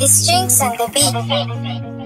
the strings on the beat.